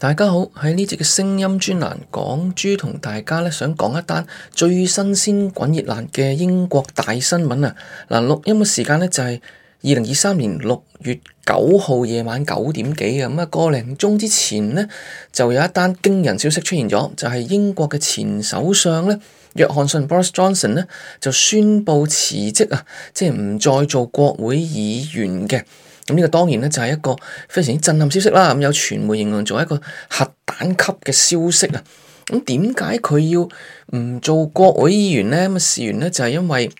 大家好，喺呢隻嘅聲音專欄，港豬同大家咧想講一單最新鮮滾熱辣嘅英國大新聞啊！嗱，錄音嘅時間咧就係二零二三年六月九號夜晚九點幾啊，咁啊，個零鐘之前咧就有一單驚人消息出現咗，就係英國嘅前首相咧約翰遜 （Boris Johnson） 咧就宣布辭職啊，即係唔再做國會議員嘅。咁呢個當然咧就係一個非常之震撼消息啦，咁有傳媒形容做一個核彈級嘅消息啦。咁點解佢要唔做國會議員咧？咁啊事緣咧就係因為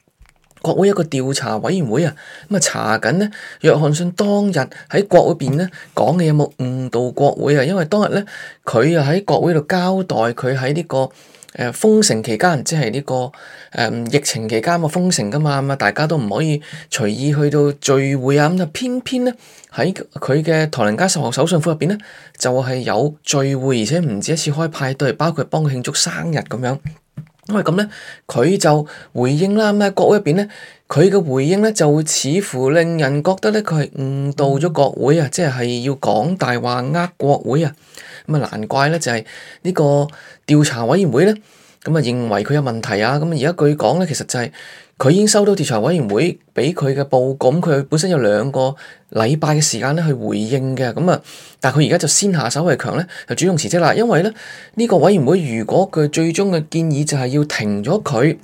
國會一個調查委員會啊，咁啊查緊咧約翰遜當日喺國會面咧講嘅有冇誤導國會啊？因為當日咧佢又喺國會度交代佢喺呢個。封城期間，即係呢、這個、嗯、疫情期間，封城㗎嘛，大家都唔可以隨意去到聚會啊，咁就偏偏呢，喺佢嘅唐寧街十號首相府入邊呢，就係、是、有聚會，而且唔止一次開派對，包括幫佢慶祝生日咁樣。因為咁呢，佢就回應啦，咁、嗯、喺國會入邊呢。佢嘅回應呢，就會似乎令人覺得呢，佢係誤導咗國會啊！即係係要講大話呃國會啊！咁啊，難怪呢，就係、是、呢個調查委員會呢，咁啊認為佢有問題啊！咁啊，而家據講呢，其實就係佢已經收到調查委員會畀佢嘅報告，咁、嗯、佢本身有兩個禮拜嘅時間呢去回應嘅。咁、嗯、啊，但係佢而家就先下手為強呢，就主動辭職啦。因為呢，呢、這個委員會如果佢最終嘅建議就係要停咗佢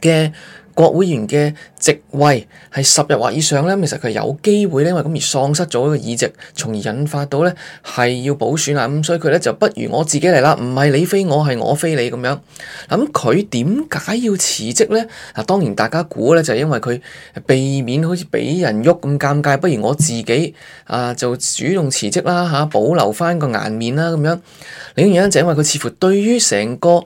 嘅。國會員嘅席位係十日或以上咧，其實佢有機會咧，因為咁而喪失咗個議席，從而引發到咧係要補選啊。咁、嗯、所以佢咧就不如我自己嚟啦，唔係你飛我係我飛你咁樣。咁佢點解要辭職咧？嗱、啊，當然大家估咧就係因為佢避免好似俾人喐咁尷尬，不如我自己啊就主動辭職啦嚇、啊，保留翻個顏面啦咁樣。另一原因就因為佢似乎對於成個。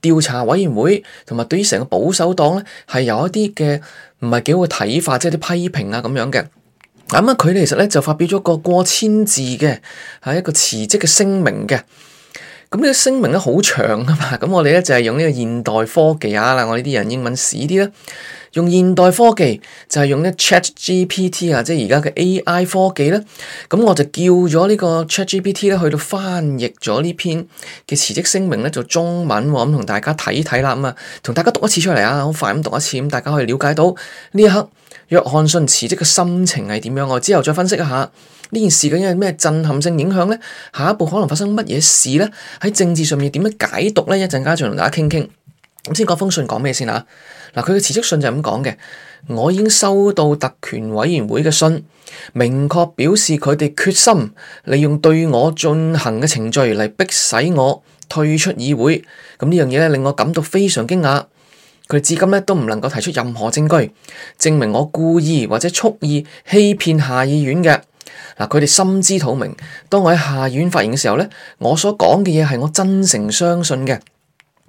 調查委員會同埋對於成個保守黨呢，係有一啲嘅唔係幾好嘅睇法，即係啲批評啊咁樣嘅。咁啊，佢哋其實呢，就發表咗個過千字嘅係一個辭職嘅聲明嘅。咁呢啲聲明咧好長噶嘛，咁我哋咧就係用呢個現代科技啊啦，我呢啲人英文屎啲咧，用現代科技就係用呢 ChatGPT 啊，即係而家嘅 AI 科技咧，咁我就叫咗呢個 ChatGPT 咧去到翻譯咗呢篇嘅辭職聲明咧做中文，咁同大家睇睇啦，咁啊，同大家讀一次出嚟啊，好快咁讀一次，咁大家可以了解到呢一刻。約翰遜辭職嘅心情係點樣？我之後再分析一下呢件事究竟係咩震撼性影響？呢下一步可能發生乜嘢事呢？喺政治上面點樣解讀呢？一陣間再同大家傾傾。咁先講封信講咩先啦？嗱，佢嘅辭職信就係咁講嘅。我已經收到特權委員會嘅信，明確表示佢哋決心利用對我進行嘅程序嚟逼使我退出議會。咁呢樣嘢咧令我感到非常驚訝。佢至今都唔能夠提出任何證據，證明我故意或者蓄意欺騙下議院嘅。嗱，佢哋心知肚明。當我喺下議院發言嘅時候咧，我所講嘅嘢係我真誠相信嘅，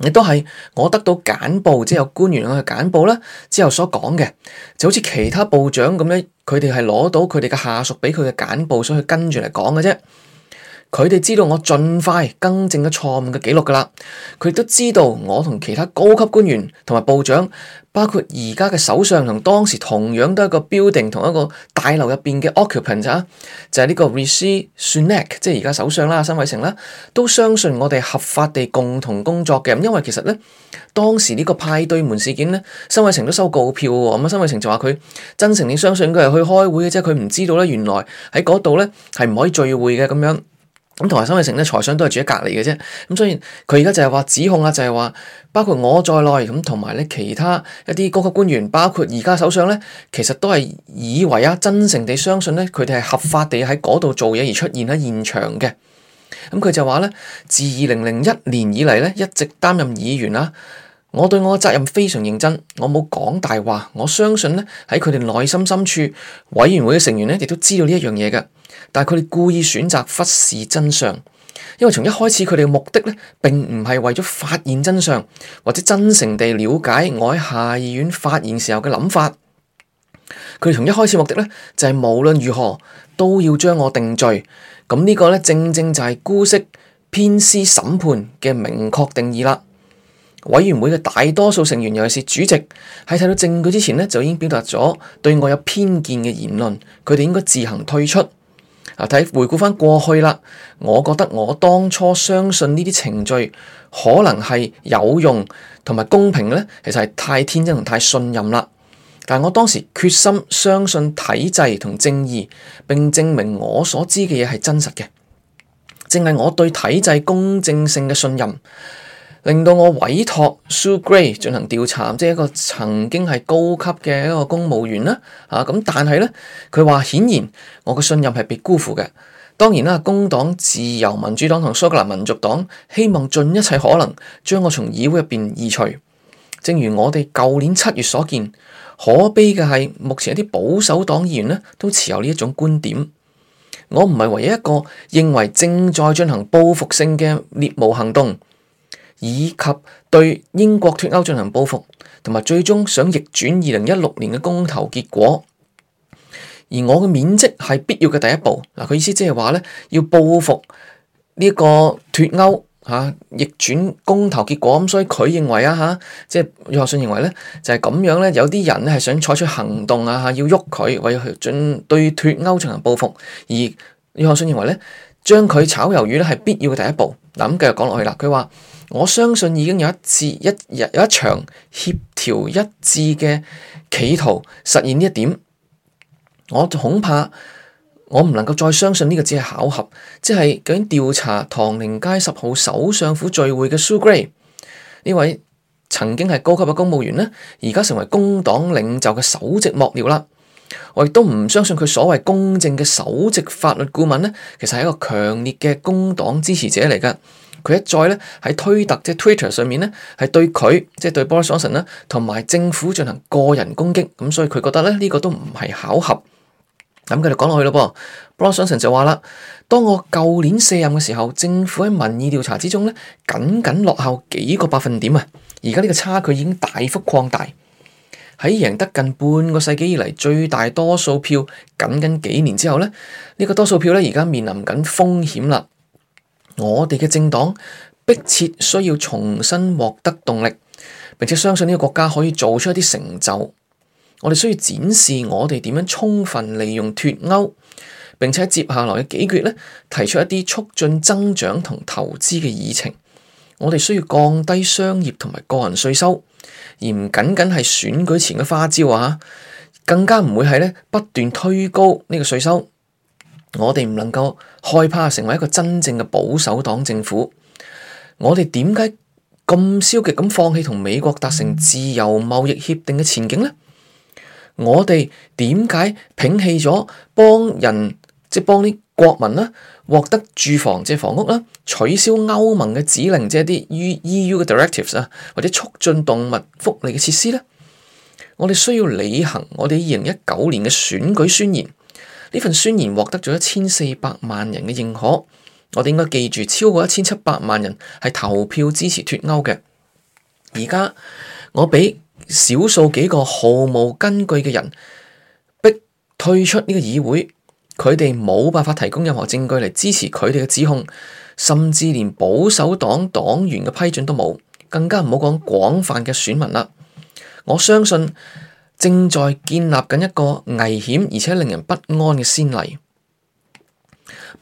亦都係我得到簡報之後，即係有官員去簡報啦之後所講嘅。就好似其他部長咁咧，佢哋係攞到佢哋嘅下屬俾佢嘅簡報，所以佢跟住嚟講嘅啫。佢哋知道我盡快更正咗錯誤嘅記錄㗎啦，佢都知道我同其他高級官員同埋部長，包括而家嘅首相同當時同樣都係一個 building 同一個大樓入邊嘅 occupant 就係呢個 Rishi Sunak，即係而家首相啦，辛偉誠啦，都相信我哋合法地共同工作嘅，因為其實咧當時呢個派對門事件咧，辛偉誠都收告票喎，咁啊辛偉誠就話佢真誠地相信佢係去開會嘅啫，佢唔知道咧原來喺嗰度咧係唔可以聚會嘅咁樣。咁同埋辛偉誠咧，財相都係住喺隔籬嘅啫。咁所以佢而家就係話指控啊，就係、是、話包括我在內，咁同埋咧其他一啲高級官員，包括而家首相咧，其實都係以為啊，真誠地相信咧，佢哋係合法地喺嗰度做嘢而出現喺現場嘅。咁、嗯、佢就話咧，自二零零一年以嚟咧，一直擔任議員啦、啊。我對我嘅責任非常認真，我冇講大話。我相信呢，喺佢哋內心深處，委員會嘅成員呢亦都知道呢一樣嘢嘅，但係佢哋故意選擇忽視真相，因為從一開始佢哋嘅目的呢並唔係為咗發現真相或者真誠地了解我喺下議院發言時候嘅諗法。佢哋從一開始目的呢，就係無論如何都要將我定罪。咁呢個呢，正正就係姑息偏私審判嘅明確定義啦。委員會嘅大多數成員，尤其是主席，喺睇到證據之前呢，就已經表達咗對我有偏見嘅言論。佢哋應該自行退出。啊，睇回顧返過去啦，我覺得我當初相信呢啲程序可能係有用同埋公平呢，其實係太天真同太信任啦。但我當時決心相信體制同正義，並證明我所知嘅嘢係真實嘅，正係我對體制公正性嘅信任。令到我委託 Sue Gray 進行調查，即係一個曾經係高級嘅一個公務員啦。啊，咁但係咧，佢話顯然我個信任係被辜負嘅。當然啦，工黨、自由民主黨同蘇格蘭民族黨希望盡一切可能將我從議會入邊移除。正如我哋舊年七月所見，可悲嘅係目前一啲保守黨議員咧都持有呢一種觀點。我唔係唯一一個認為正在進行報復性嘅獵巫行動。以及對英國脱歐進行報復，同埋最終想逆轉二零一六年嘅公投結果。而我嘅免職係必要嘅第一步嗱。佢意思即係話咧，要報復呢個脱歐嚇、啊、逆轉公投結果咁、嗯，所以佢認為啊，嚇即係約翰遜認為咧，就係、是、咁樣咧，有啲人咧係想採取行動啊，嚇要喐佢，為去進對脱歐進行報復。而約翰遜認為咧，將佢炒魷魚咧係必要嘅第一步嗱。咁、啊、繼續講落去啦，佢話。我相信已經有一次、一日、有一場協調一致嘅企圖實現呢一點，我恐怕我唔能夠再相信呢個只係巧合，即係究竟調查唐寧街十號首相府聚會嘅蘇格 y 呢位曾經係高級嘅公務員呢，而家成為工黨領袖嘅首席幕僚啦。我亦都唔相信佢所謂公正嘅首席法律顧問呢，其實係一個強烈嘅工黨支持者嚟嘅。佢一再咧喺推特即、就是、Twitter 上面咧，係對佢即係對 Boris Johnson 啦，同埋政府進行個人攻擊，咁所以佢覺得呢個都唔係巧合。咁繼續講落去咯噃，Boris Johnson 就話啦，當我舊年卸任嘅時候，政府喺民意調查之中呢，僅僅落後幾個百分點啊，而家呢個差距已經大幅擴大。喺贏得近半個世紀以嚟最大多數票，僅僅幾年之後呢，呢、這個多數票呢，而家面臨緊風險啦。我哋嘅政黨迫切需要重新獲得動力，並且相信呢個國家可以做出一啲成就。我哋需要展示我哋點樣充分利用脫歐，並且接下來嘅幾個月呢，提出一啲促進增長同投資嘅議程。我哋需要降低商業同埋個人稅收，而唔僅僅係選舉前嘅花招啊！更加唔會係呢，不斷推高呢個稅收。我哋唔能夠害怕成為一個真正嘅保守黨政府。我哋點解咁消極咁放棄同美國達成自由貿易協定嘅前景呢？我哋點解摒棄咗幫人即係幫啲國民啦、啊、獲得住房即係、就是、房屋啦、啊，取消歐盟嘅指令即係、就、啲、是、EU 嘅 directives 啊，或者促進動物福利嘅設施呢？我哋需要履行我哋二零一九年嘅選舉宣言。呢份宣言獲得咗一千四百萬人嘅認可，我哋應該記住，超過一千七百萬人係投票支持脫歐嘅。而家我俾少數幾個毫無根據嘅人逼退出呢個議會，佢哋冇辦法提供任何證據嚟支持佢哋嘅指控，甚至連保守黨黨員嘅批准都冇，更加唔好講廣泛嘅選民啦。我相信。正在建立緊一個危險而且令人不安嘅先例。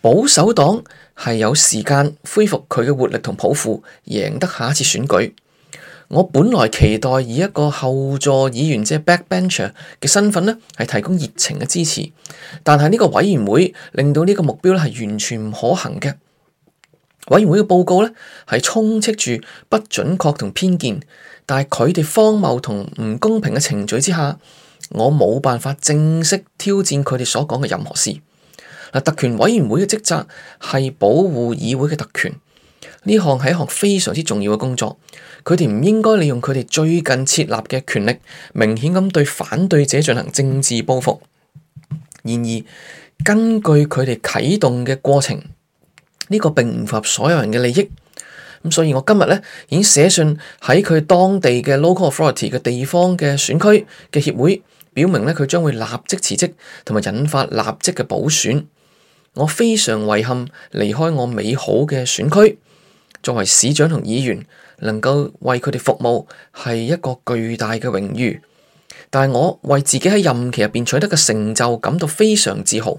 保守黨係有時間恢復佢嘅活力同抱負，贏得下一次選舉。我本來期待以一個後座議員即係 backbencher 嘅身份呢，係提供熱情嘅支持，但係呢個委員會令到呢個目標呢係完全唔可行嘅。委員會嘅報告呢係充斥住不準確同偏見。但係佢哋荒謬同唔公平嘅程序之下，我冇辦法正式挑戰佢哋所講嘅任何事。特權委員會嘅職責係保護議會嘅特權，呢項係一項非常之重要嘅工作。佢哋唔應該利用佢哋最近設立嘅權力，明顯咁對反對者進行政治報復。然而，根據佢哋啟動嘅過程，呢個並唔符合所有人嘅利益。咁所以，我今日咧已經寫信喺佢當地嘅 local authority 嘅地方嘅選區嘅協會，表明咧佢將會立即辭職，同埋引發立即嘅補選。我非常遺憾離開我美好嘅選區。作為市長同議員，能夠為佢哋服務係一個巨大嘅榮譽。但係我為自己喺任期入邊取得嘅成就感到非常自豪。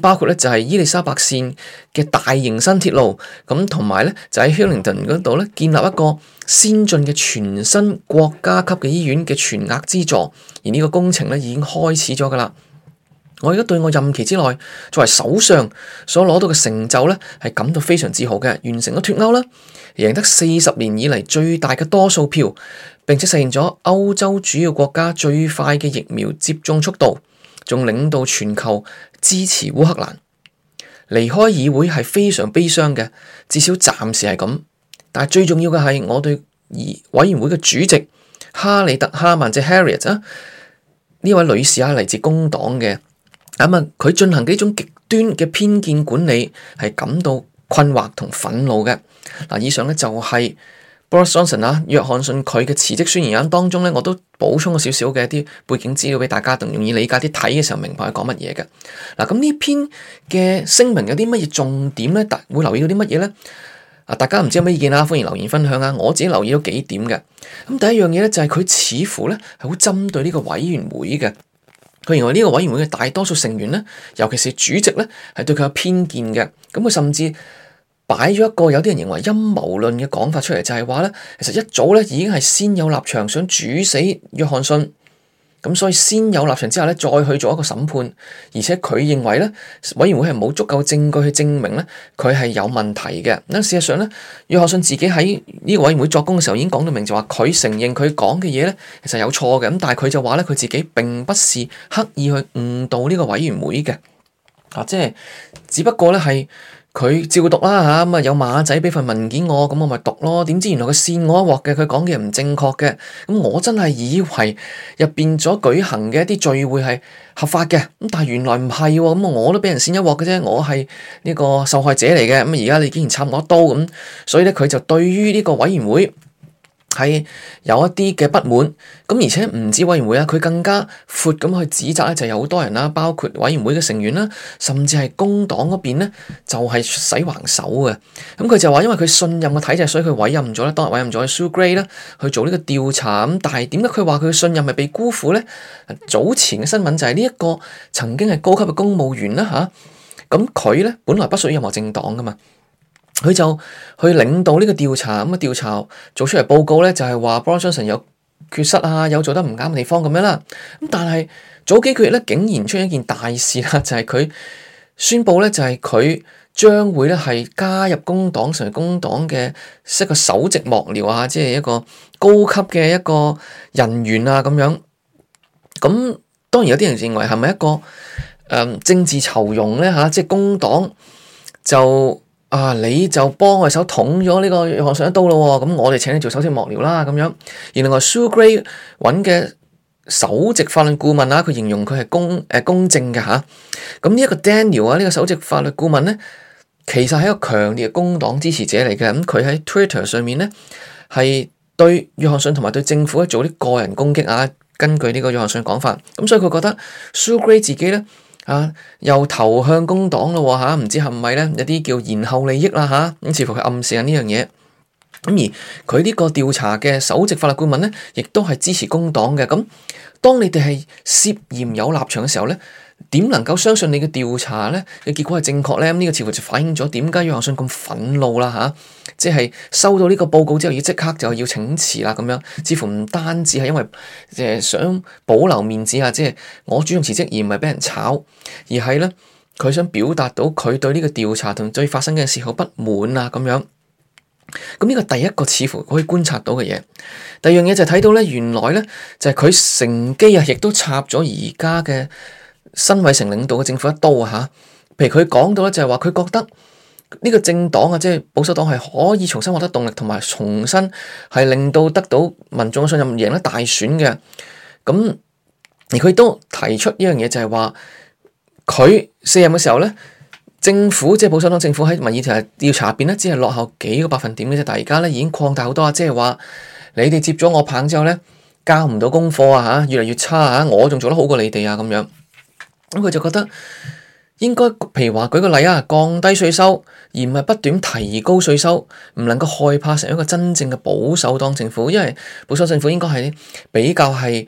包括呢就係伊利沙伯線嘅大型新鐵路，咁同埋呢就喺 Hillingdon 嗰度呢建立一個先進嘅全新國家級嘅醫院嘅全額資助，而呢個工程呢已經開始咗噶啦。我而家對我任期之內作為首相所攞到嘅成就呢，係感到非常自豪嘅，完成咗脫歐啦，贏得四十年以嚟最大嘅多數票，並且實現咗歐洲主要國家最快嘅疫苗接種速度。仲領導全球支持烏克蘭，離開議會係非常悲傷嘅，至少暫時係咁。但係最重要嘅係，我對議委員會嘅主席哈莉特哈曼即 Harriet 啊呢位女士啊嚟自工黨嘅。啊，佢進行嘅一種極端嘅偏見管理係感到困惑同憤怒嘅。嗱、啊。以上咧就係、是。鮑里斯· Johnson，約翰遜啊，約翰遜佢嘅辭職宣言，言當中呢，我都補充咗少少嘅一啲背景資料俾大家，同容易理解啲睇嘅時候明白佢講乜嘢嘅。嗱，咁呢篇嘅聲明有啲乜嘢重點呢？大會留意到啲乜嘢呢？大家唔知有咩意見啊？歡迎留言分享啊！我自己留意咗幾點嘅。咁第一樣嘢呢，就係佢似乎呢係好針對呢個委員會嘅，佢認為呢個委員會嘅大多數成員呢，尤其是主席呢，係對佢有偏見嘅。咁佢甚至。擺咗一個有啲人認為陰謀論嘅講法出嚟，就係話咧，其實一早咧已經係先有立場想煮死約翰遜，咁所以先有立場之後咧，再去做一個審判，而且佢認為咧，委員會係冇足夠證據去證明咧，佢係有問題嘅。事實上咧，約翰遜自己喺呢個委員會作供嘅時候已經講到明，就話佢承認佢講嘅嘢咧，其實有錯嘅。咁但係佢就話咧，佢自己並不是刻意去誤導呢個委員會嘅，啊，即係只不過咧係。佢照讀啦嚇，咁啊有馬仔畀份文件我，咁我咪讀咯。點知原來佢扇我一鑊嘅，佢講嘅唔正確嘅。咁我真係以為入邊所舉行嘅一啲聚會係合法嘅，咁但係原來唔係喎。咁我都畀人扇一鑊嘅啫，我係呢個受害者嚟嘅。咁而家你竟然插我一刀咁，所以咧佢就對於呢個委員會，係有一啲嘅不滿，咁而且唔止委員會啊，佢更加闊咁去指責咧，就係有好多人啦，包括委員會嘅成員啦，甚至係工黨嗰邊咧，就係使橫手嘅。咁佢就話，因為佢信任個體制，所以佢委任咗咧，當日委任咗 Sue Gray 啦，去做呢個調查。咁但係點解佢話佢信任係被辜負咧？早前嘅新聞就係呢一個曾經係高級嘅公務員啦，吓、啊，咁佢咧本來不屬於任何政黨噶嘛。佢就去領導呢個調查，咁啊調查做出嚟報告咧，就係、是、話 Boris Johnson 有缺失啊，有做得唔啱嘅地方咁樣啦。咁但係早幾個月咧，竟然出現一件大事啦，就係、是、佢宣布咧，就係、是、佢將會咧係加入工黨，成為工黨嘅一個首席幕僚啊，即係一個高級嘅一個人員啊咁樣。咁當然有啲人就認為係咪一個誒、呃、政治酬庸咧吓、啊，即係工黨就。啊！你就幫我手捅咗呢個約翰遜一刀咯喎、哦，咁我哋請你做首席幕僚啦咁樣。而另外，Sue Gray 揾嘅首席法律顧問啊，佢形容佢係公誒、呃、公正嘅嚇。咁呢一個 Daniel 啊，呢個首席法律顧問咧，其實係一個強烈嘅工黨支持者嚟嘅。咁、嗯、佢喺 Twitter 上面咧，係對約翰遜同埋對政府做啲個人攻擊啊。根據呢個約翰遜講法，咁所以佢覺得 Sue Gray 自己咧。啊，又投向工黨咯喎吓，唔知係咪咧？有啲叫延後利益啦吓，咁似乎佢暗示緊呢樣嘢。咁而佢呢個調查嘅首席法律顧問咧，亦都係支持工黨嘅。咁當你哋係涉嫌有立場嘅時候咧？點能夠相信你嘅調查呢？嘅結果係正確呢。咁，這、呢個似乎就反映咗點解約翰遜咁憤怒啦吓，啊，即係收到呢個報告之後，要即刻就要請辭啦咁樣。似乎唔單止係因為誒、呃、想保留面子啊，即係我主動辭職而唔係俾人炒，而係呢，佢想表達到佢對呢個調查同最發生嘅時候不滿啊咁樣。咁呢個第一個似乎可以觀察到嘅嘢，第二樣嘢就係睇到呢，原來呢，就係、是，佢乘機啊，亦都插咗而家嘅。辛偉誠領導嘅政府一刀啊，吓，譬如佢講到咧，就係話佢覺得呢個政黨啊，即係保守黨係可以重新獲得動力，同埋重新係令到得到民眾嘅信任，贏得大選嘅。咁而佢亦都提出一樣嘢，就係話佢卸任嘅時候咧，政府即係保守黨政府喺民意調查入面咧，只係落後幾個百分點嘅啫。但係而家咧已經擴大好多啊，即係話你哋接咗我棒之後咧，交唔到功課啊，吓，越嚟越差啊，我仲做得好過你哋啊，咁樣。咁佢就覺得應該，譬如話舉個例啊，降低稅收，而唔係不斷提高稅收，唔能夠害怕成一個真正嘅保守黨政府，因為保守政府應該係比較係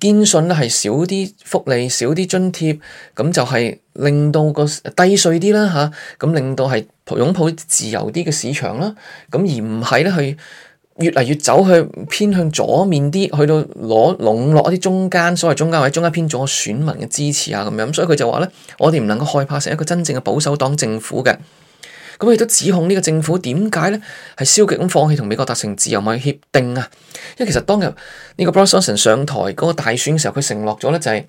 堅信咧，係少啲福利、少啲津貼，咁就係令到個低稅啲啦吓，咁、啊、令到係擁抱自由啲嘅市場啦，咁而唔係咧去。越嚟越走去偏向左面啲，去到攞籠絡一啲中間所謂中間或者中間偏左嘅選民嘅支持啊咁樣。所以佢就話咧，我哋唔能夠害怕成一個真正嘅保守黨政府嘅。咁佢亦都指控呢個政府點解咧係消極咁放棄同美國達成自由貿易協定啊？因為其實當日呢個 Boris Johnson 上台嗰個大選時候，佢承諾咗咧就係、是。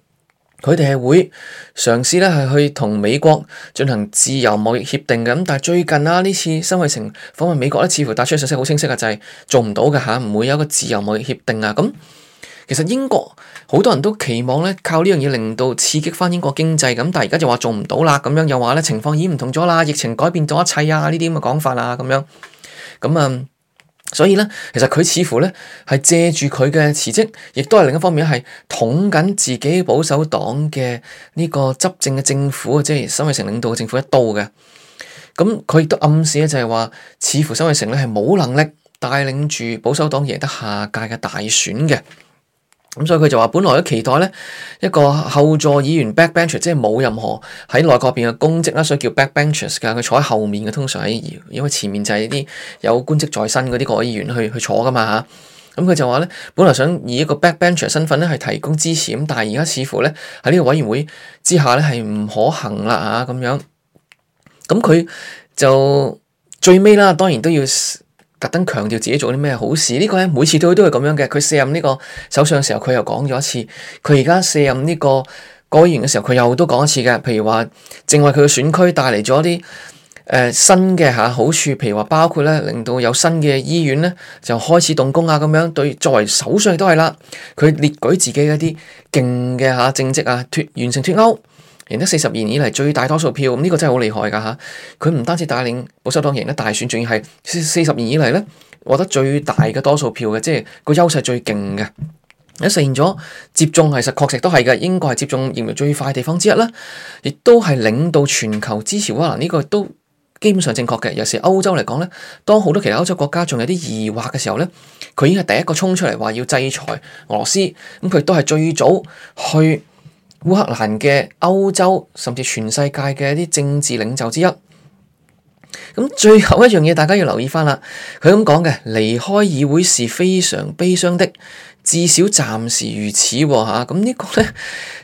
佢哋係會嘗試咧，係去同美國進行自由貿易協定嘅。咁但係最近啦、啊，呢次辛偉誠訪問美國咧，似乎帶出嘅信息好清晰嘅，就係、是、做唔到嘅吓，唔、啊、會有一個自由貿易協定啊。咁其實英國好多人都期望咧，靠呢樣嘢令到刺激翻英國經濟。咁、啊、但係而家就話做唔到啦，咁、啊、樣又話咧情況已經唔同咗啦，疫情改變咗一切啊，呢啲咁嘅講法啊，咁樣咁啊。啊所以咧，其實佢似乎咧係借住佢嘅辭職，亦都係另一方面係捅緊自己保守黨嘅呢個執政嘅政府，即係辛偉誠領導嘅政府一刀嘅。咁佢亦都暗示咧，就係話，似乎辛偉誠咧係冇能力帶領住保守黨贏得下屆嘅大選嘅。咁、嗯、所以佢就話，本來都期待咧一個後座議員 backbencher 即係冇任何喺內閣入邊嘅公職啦，所以叫 backbenchers 嘅，佢坐喺後面嘅，通常喺因為前面就係啲有官職在身嗰啲國會議員去去坐噶嘛嚇。咁、嗯、佢就話咧，本來想以一個 backbencher 身份咧去提供支持，咁但係而家似乎咧喺呢個委員會之下咧係唔可行啦嚇咁樣。咁、嗯、佢就最尾啦，當然都要。特登強調自己做啲咩好事，呢、呢個咧每次佢都係咁樣嘅。佢卸任呢個首相嘅時候，佢又講咗一次；佢而家卸任呢個國會議員嘅時候，佢又都講一次嘅。譬如話，正為佢嘅選區帶嚟咗啲誒新嘅嚇好處，譬如話包括咧令到有新嘅醫院咧就開始動工啊咁樣。對，作為首相都係啦，佢列舉自己一啲勁嘅嚇政績啊，脫完成脫歐。贏得四十年以嚟最大多數票，咁、這、呢個真係好厲害噶吓！佢唔單止帶領保守黨贏得大選，仲要係四十年以嚟呢獲得最大嘅多數票嘅，即係個優勢最勁嘅。而家實現咗接種，其實確實都係嘅，英國係接種疫苗最快嘅地方之一啦。亦都係領導全球支持烏克蘭呢個都基本上正確嘅。尤其是歐洲嚟講呢，當好多其他歐洲國家仲有啲疑惑嘅時候呢，佢已經係第一個衝出嚟話要制裁俄羅斯，咁佢都係最早去烏克蘭嘅歐洲，甚至全世界嘅一啲政治領袖之一，咁最後一樣嘢，大家要留意翻啦。佢咁講嘅，離開議會是非常悲傷的，至少暫時如此吓、哦。咁、啊嗯、呢個咧，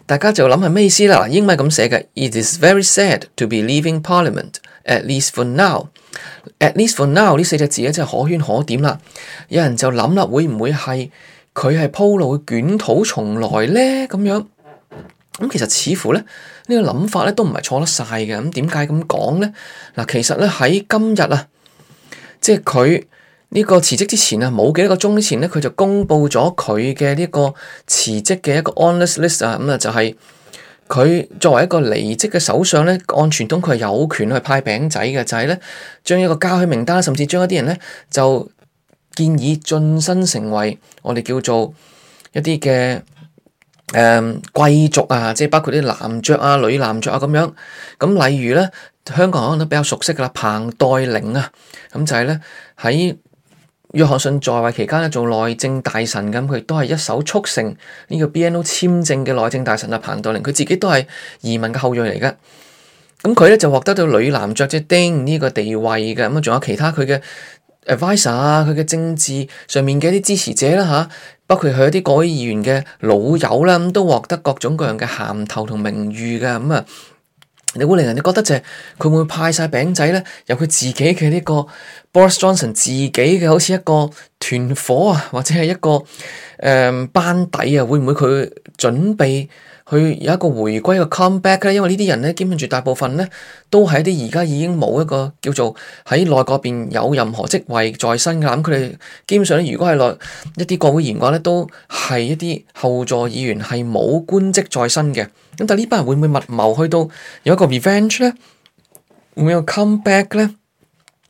大家就諗係咩意思啦？英文係咁寫嘅：It is very sad to be leaving Parliament at least for now. At least for now，四呢四隻字咧，真係可圈可點啦。有人就諗啦，會唔會係佢係鋪路捲土重來咧？咁樣。咁其實似乎咧，呢個諗法咧都唔係錯得晒嘅。咁點解咁講咧？嗱，其實咧喺今日啊，即係佢呢個辭職之前啊，冇幾多個鐘之前咧，佢就公布咗佢嘅呢個辭職嘅一個 honours list 啊。咁啊，就係佢作為一個離職嘅首相咧，按傳統佢係有權去派餅仔嘅，就係咧將一個嘉許名單，甚至將一啲人咧就建議晉身成為我哋叫做一啲嘅。誒，貴、嗯、族啊，即係包括啲男爵啊、女男爵啊咁樣。咁例如咧，香港人可能都比較熟悉噶啦，彭黛玲啊，咁、嗯、就係咧喺約翰遜在位期間咧做內政大臣咁，佢、嗯、都係一手促成呢、這個 BNO 簽證嘅內政大臣啊。彭黛玲佢自己都係移民嘅後裔嚟嘅，咁佢咧就獲得到女男爵即係丁呢個地位嘅。咁、嗯、仲有其他佢嘅 advisor 啊，佢嘅政治上面嘅一啲支持者啦、啊、吓。啊包括佢啲國會議員嘅老友啦，咁都獲得各種各樣嘅銜頭同名譽嘅，咁啊，你會令人哋覺得就係佢會唔會派晒餅仔咧，由佢自己嘅呢、這個 Boris Johnson 自己嘅好似一個團伙啊，或者係一個誒、呃、班底啊，會唔會佢準備？佢有一個回歸嘅 come back 咧，因為呢啲人咧，基本上大部分咧都係一啲而家已經冇一個叫做喺內閣入邊有任何職位在身嘅，咁佢哋基本上如果係內一啲國會議員嘅話咧，都係一啲後座議員係冇官職在身嘅。咁但係呢班人會唔會密謀去到有一個 revenge 咧，會唔會有 come back 咧？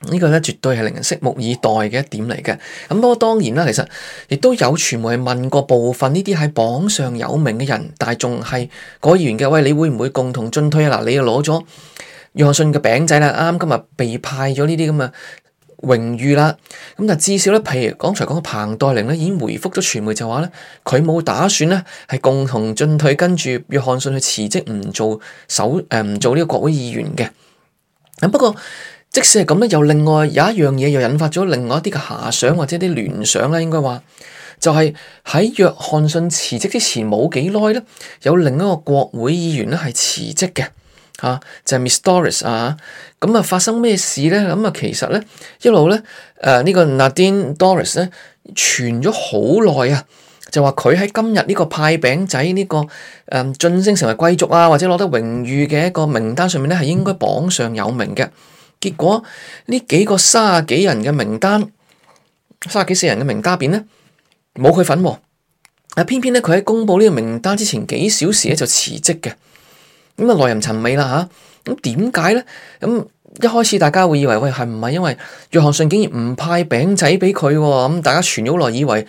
呢個咧絕對係令人拭目以待嘅一點嚟嘅。咁不過當然啦，其實亦都有傳媒問過部分呢啲喺榜上有名嘅人，但係仲係國會議員嘅。喂，你會唔會共同進退啊？嗱，你又攞咗約翰遜嘅餅仔啦，啱今日被派咗呢啲咁嘅榮譽啦。咁但至少咧，譬如剛才講嘅彭黛玲咧，已經回覆咗傳媒就話咧，佢冇打算咧係共同進退，跟住約翰遜去辭職唔做首誒唔、呃、做呢個國會議員嘅。咁不過。即使係咁咧，又另外有一樣嘢，又引發咗另外一啲嘅遐想或者啲聯想咧，應該話就係、是、喺約翰遜辭職之前冇幾耐咧，有另一個國會議員咧係辭職嘅嚇、啊，就係、是、Miss Doris 啊。咁啊，啊，發生咩事咧？咁啊，其實咧一路咧，誒、啊、呢、這個 Nadine Doris 咧傳咗好耐啊，就話佢喺今日呢個派餅仔呢、這個誒、嗯、晉升成為貴族啊，或者攞得榮譽嘅一個名單上面咧，係應該榜上有名嘅。結果呢幾個卅幾人嘅名單，卅幾四人嘅名單入邊咧冇佢份喎、啊，偏偏咧佢喺公布呢個名單之前幾小時咧就辭職嘅，咁、嗯、啊，耐人尋味啦吓！咁點解咧？咁、嗯嗯、一開始大家會以為喂係唔係因為約翰遜竟然唔派餅仔俾佢喎？大家傳咗好耐，以為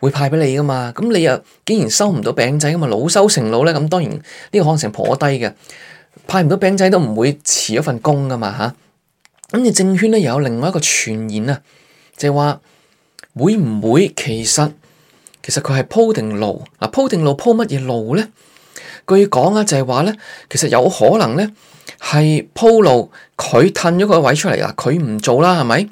會派俾你噶嘛？咁、嗯、你又竟然收唔到餅仔，噶嘛，老羞成怒咧？咁、嗯、當然呢、這個可信度頗低嘅，派唔到餅仔都唔會辭咗份工噶嘛吓。啊咁你證券咧，又有另外一個傳言啊，就話、是、會唔會其實其實佢係鋪定路嗱，鋪定路鋪乜嘢路咧？據講啊，就係話咧，其實有可能咧係鋪路，佢褪咗個位出嚟嗱，佢唔做啦，係咪？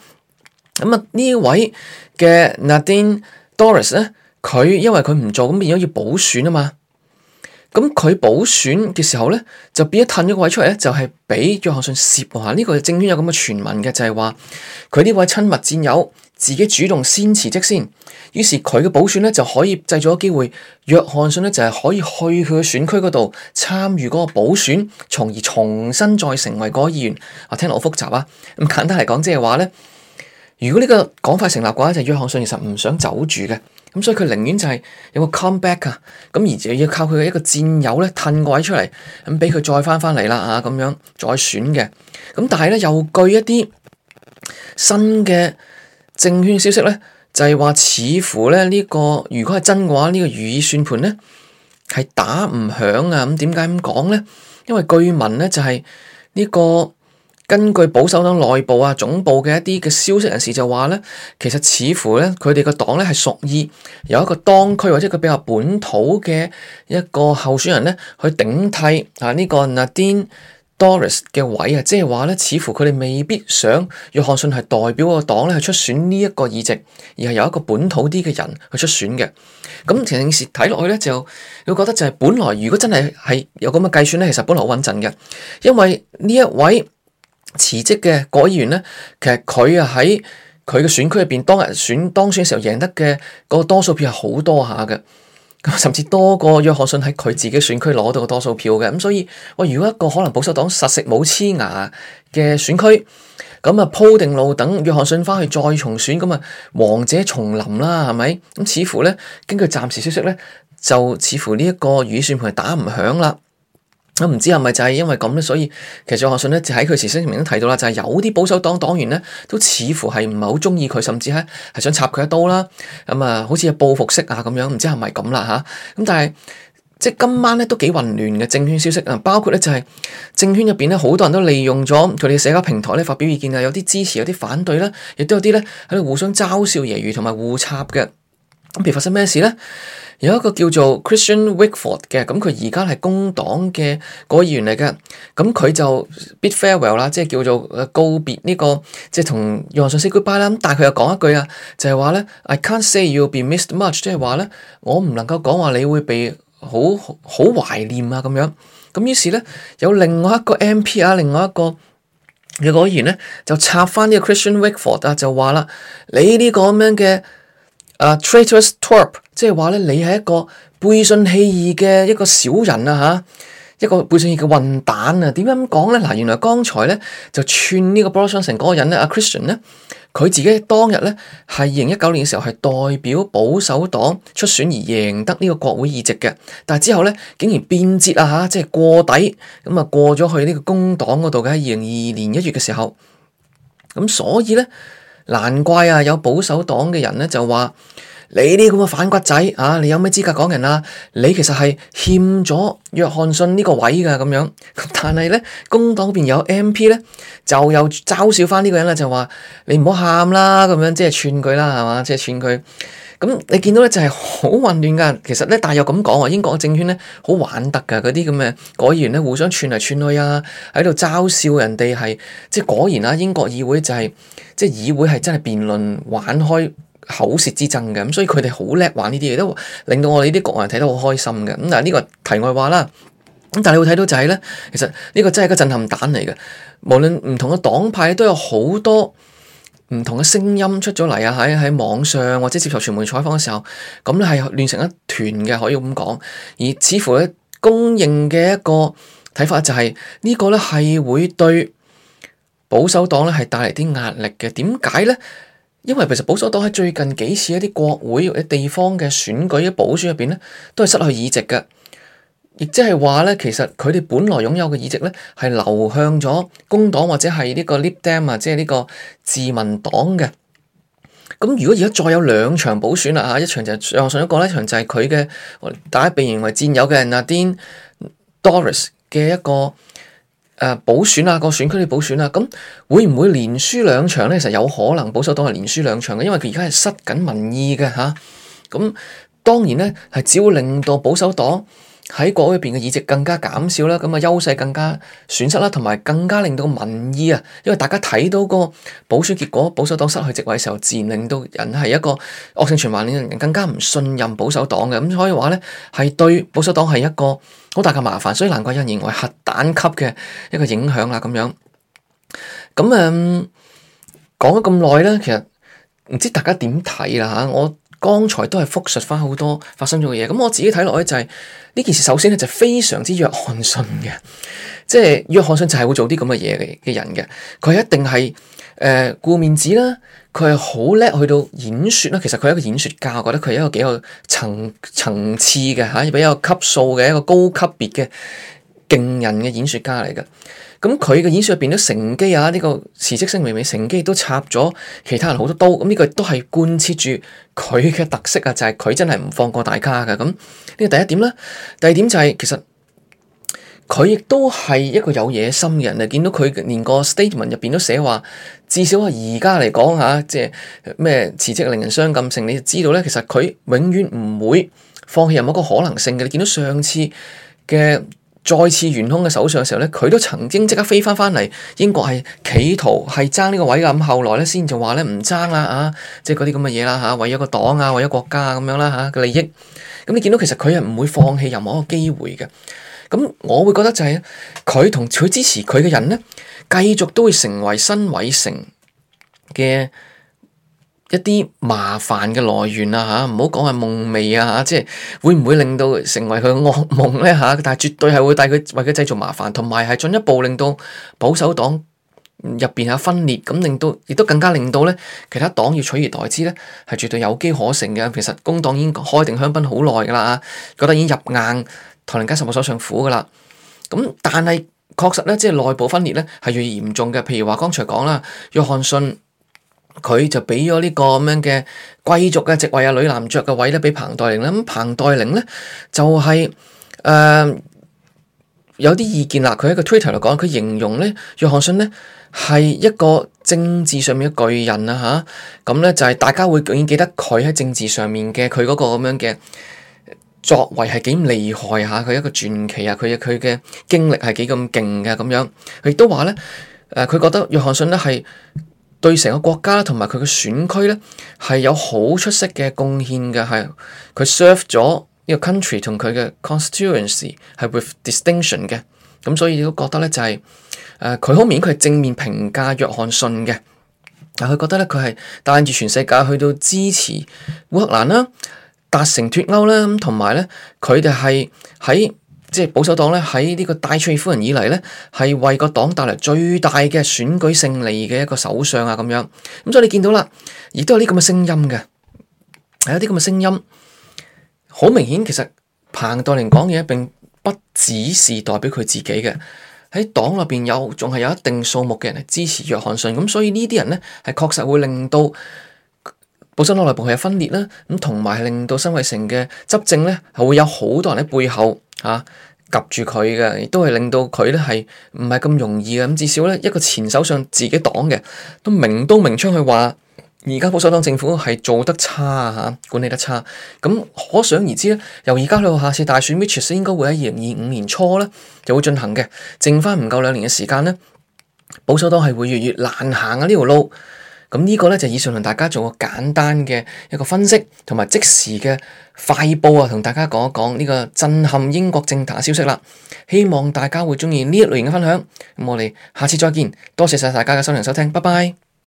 咁啊呢位嘅 Nadine Doris 咧，佢因為佢唔做咁而咗要補選啊嘛。咁佢補選嘅時候咧，就變一褪咗個位出嚟咧，就係畀約翰遜攝下。呢個政圈有咁嘅傳聞嘅，就係話佢呢位親密戰友自己主動先辭職先，於是佢嘅補選咧就可以製造咗機會。約翰遜咧就係可以去佢嘅選區嗰度參與嗰個補選，從而重新再成為嗰個議員。啊，聽落好複雜啊！咁簡單嚟講，即係話咧，如果呢個講法成立嘅話，就係、約翰遜其實唔想走住嘅。咁所以佢寧願就係有個 comeback 啊。咁而就要靠佢嘅一個戰友咧褪位出嚟，咁俾佢再翻翻嚟啦啊，咁樣再選嘅。咁但係咧又據一啲新嘅證券消息咧，就係話似乎咧呢個如果係真嘅話，呢個如意算盤咧係打唔響啊！咁點解咁講咧？因為據聞咧就係呢個。根據保守黨內部啊總部嘅一啲嘅消息人士就話咧，其實似乎咧佢哋個黨咧係屬意由一個當區或者佢比較本土嘅一個候選人咧去頂替啊、這個就是、呢個 Nadine Dorries 嘅位啊，即係話咧似乎佢哋未必想約翰遜係代表個黨咧去出選呢一個議席，而係由一個本土啲嘅人去出選嘅。咁暫時睇落去咧，就會覺得就係本來如果真係係有咁嘅計算咧，其實本來好穩陣嘅，因為呢一位辭職嘅國會議員咧，其實佢啊喺佢嘅選區入邊當日選當選時候贏得嘅個多數票係好多下嘅，甚至多過約翰遜喺佢自己選區攞到嘅多數票嘅。咁所以，我如果一個可能保守黨實食冇黐牙嘅選區，咁啊鋪定路等約翰遜翻去再重選，咁啊王者重臨啦，係咪？咁似乎呢，根據暫時消息呢，就似乎呢一個預算盤係打唔響啦。我唔知係咪就係因為咁咧，所以其實我信咧，就喺佢辭職聲明都提到啦，就係有啲保守黨黨員咧，都似乎係唔係好中意佢，甚至係係想插佢一刀啦。咁、嗯、啊，好似係報復式啊咁樣，唔知係咪咁啦吓。咁、嗯、但係即係今晚咧都幾混亂嘅政圈消息啊，包括咧就係、是、政圈入邊咧好多人都利用咗佢哋嘅社交平台咧發表意見啊，有啲支持，有啲反對啦，亦都有啲咧喺度互相嘲笑揶揄同埋互插嘅。咁譬如發生咩事咧？有一個叫做 Christian Wakeford 嘅，咁佢而家係工黨嘅個議員嚟嘅，咁佢就 bid farewell 啦，即係叫做告別呢個，即係同約翰遜 say goodbye 啦。咁但係佢又講一句啊，就係話咧，I can't say you'll be missed much，即係話咧，我唔能夠講話你會被好好懷念啊咁樣。咁於是咧，有另外一個 MP 啊，另外一個嘅議員咧，就插翻呢個 Christian Wakeford 啊，就話啦，你呢個咁樣嘅。traitorous twerp 即係話咧，你係一個背信棄義嘅一個小人啊，吓一個背信棄義嘅混蛋啊！點樣講咧？嗱，原來剛才咧就串呢個 Barronson 嗰個人咧，啊 Christian 咧，佢自己當日咧係二零一九年嘅時候係代表保守黨出選而贏得呢個國會議席嘅，但係之後咧竟然變節啊，吓即係過底咁啊、嗯、過咗去呢個工黨嗰度嘅，二零二二年一月嘅時候，咁所以咧。難怪啊，有保守黨嘅人咧就話你呢啲咁嘅反骨仔啊，你有咩資格講人啊？你其實係欠咗約翰遜呢個位噶咁樣。但係咧，工黨嗰邊有 MP 咧，就又嘲笑翻呢個人呢啦，就話你唔好喊啦咁樣，即係串佢啦，係嘛，即係串佢。咁、嗯、你見到咧就係好混亂噶，其實咧大約咁講英國嘅政圈咧好玩得噶，嗰啲咁嘅果員咧互相串嚟串去啊，喺度嘲笑人哋係即係果然啦、啊，英國議會就係、是、即係議會係真係辯論玩開口舌之爭嘅，咁所以佢哋好叻玩呢啲嘢，都令到我哋啲國外人睇得好開心嘅。咁嗱呢個題外話啦，咁但係你會睇到就係咧，其實呢個真係個震撼彈嚟嘅，無論唔同嘅黨派都有好多唔同嘅聲音出咗嚟啊！喺喺網上或者接受傳媒採訪嘅時候，咁咧係亂成一團嘅，可以咁講。而似乎咧，公認嘅一個睇法就係呢個咧係會對保守黨咧係帶嚟啲壓力嘅。點解咧？因為其實保守黨喺最近幾次一啲國會或者地方嘅選舉嘅補選入邊咧，都係失去議席嘅。亦即係話咧，其實佢哋本來擁有嘅議席咧，係流向咗工黨或者係呢個 Lib Dem 啊，即係呢個自民黨嘅。咁如果而家再有兩場補選啦，吓一場就上上咗個，一場就係佢嘅大家被認為戰友嘅人阿 Nadine Dorries 嘅一個誒補、呃、選啊，個選區嘅補選啊，咁會唔會連輸兩場咧？其實有可能保守黨係連輸兩場嘅，因為佢而家係失緊民意嘅吓。咁當然咧係只會令到保守黨。喺國會入邊嘅議席更加減少啦，咁啊優勢更加損失啦，同埋更加令到民意啊，因為大家睇到個補選結果，保守黨失去席位嘅時候，自然令到人係一個惡性循環，令到人更加唔信任保守黨嘅，咁所以話呢，係對保守黨係一個好大嘅麻煩，所以難怪有人認為核彈級嘅一個影響啦，咁樣。咁啊、嗯、講咗咁耐呢，其實唔知大家點睇啦嚇我。剛才都係複述翻好多發生咗嘅嘢，咁我自己睇落咧就係、是、呢件事，首先咧就非常之約翰遜嘅，即係約翰遜就係會做啲咁嘅嘢嘅嘅人嘅，佢一定係誒、呃、顧面子啦，佢係好叻去到演說啦，其實佢係一個演說家，我覺得佢係一個幾有層層次嘅吓，比較級數嘅一個高級別嘅勁人嘅演說家嚟嘅。咁佢嘅演說入邊都乘機啊！呢個辭職聲明乘機都插咗其他人好多刀，咁呢個亦都係貫徹住佢嘅特色啊！就係佢真係唔放過大家嘅，咁呢個第一點啦。第二點就係其實佢亦都係一個有野心嘅人啊！見到佢連個 statement 入邊都寫話，至少係而家嚟講吓，即係咩辭職令人傷感性，你就知道咧，其實佢永遠唔會放棄任何一個可能性嘅。你見到上次嘅。再次懸空嘅首相嘅時候咧，佢都曾經即刻飛翻翻嚟英國係企圖係爭呢個位噶，咁後來咧先至話咧唔爭啦啊，即係嗰啲咁嘅嘢啦吓，為咗個黨啊，為咗、啊、國家啊咁樣啦吓嘅利益。咁你見到其實佢係唔會放棄任何一個機會嘅。咁我會覺得就係、是、佢同佢支持佢嘅人咧，繼續都會成為辛偉誠嘅。一啲麻煩嘅來源啊嚇，唔好講係夢寐啊嚇，即係會唔會令到成為佢惡夢咧嚇、啊？但係絕對係會帶佢為佢製造麻煩，同埋係進一步令到保守黨入邊啊分裂，咁令到亦都更加令到咧其他黨要取而代之咧，係絕對有機可乘嘅。其實工黨已經開定香檳好耐㗎啦，覺得已經入硬唐寧街十號首相府㗎啦。咁但係確實咧，即係內部分裂咧係越嚴重嘅。譬如話，剛才講啦，約翰遜。佢就畀咗呢個咁樣嘅貴族嘅席位啊，女男爵嘅位咧，畀彭黛玲啦。咁彭黛玲咧就係、是、誒、呃、有啲意見啦。佢喺個 Twitter 嚟講，佢形容咧，約翰遜咧係一個政治上面嘅巨人啊！吓，咁咧就係、是、大家會永遠記得佢喺政治上面嘅佢嗰個咁樣嘅作為係幾厲害吓，佢、啊、一個傳奇啊！佢嘅佢嘅經歷係幾咁勁嘅咁樣。佢亦都話咧誒，佢覺得約翰遜咧係。對成個國家同埋佢嘅選區咧係有好出色嘅貢獻嘅，係佢 serve 咗呢個 country 同佢嘅 constituency 係 with distinction 嘅。咁所以都覺得咧就係誒佢好明顯佢係正面評價約翰遜嘅，但佢覺得咧佢係帶住全世界去到支持烏克蘭啦、達成脱歐啦，咁同埋咧佢哋係喺。即係保守黨咧，喺呢個戴卓爾夫人以嚟咧，係為個黨帶嚟最大嘅選舉勝利嘅一個首相啊，咁樣。咁所以你見到啦，亦都有啲咁嘅聲音嘅，係有啲咁嘅聲音。好明顯，其實彭黛玲講嘢並不只是代表佢自己嘅，喺黨入邊有仲係有一定數目嘅人係支持約翰遜。咁所以呢啲人咧係確實會令到保守黨內部係分裂啦。咁同埋令到辛偉誠嘅執政咧係會有好多人喺背後。吓，及住佢嘅，亦都係令到佢咧係唔係咁容易嘅。咁至少咧，一個前首相自己黨嘅，明刀明槍話，而家保守黨政府係做得差吓管理得差。咁可想而知咧，由而家去到下次大選，Mitchell 應該會喺二零二五年初咧就會進行嘅，剩翻唔夠兩年嘅時間咧，保守黨係會越越難行啊呢條路。咁呢個咧就以上同大家做個簡單嘅一個分析，同埋即時嘅快報啊，同大家講一講呢個震撼英國政壇嘅消息啦。希望大家會鍾意呢一類型嘅分享。咁我哋下次再見，多謝曬大家嘅收聽收聽，拜拜。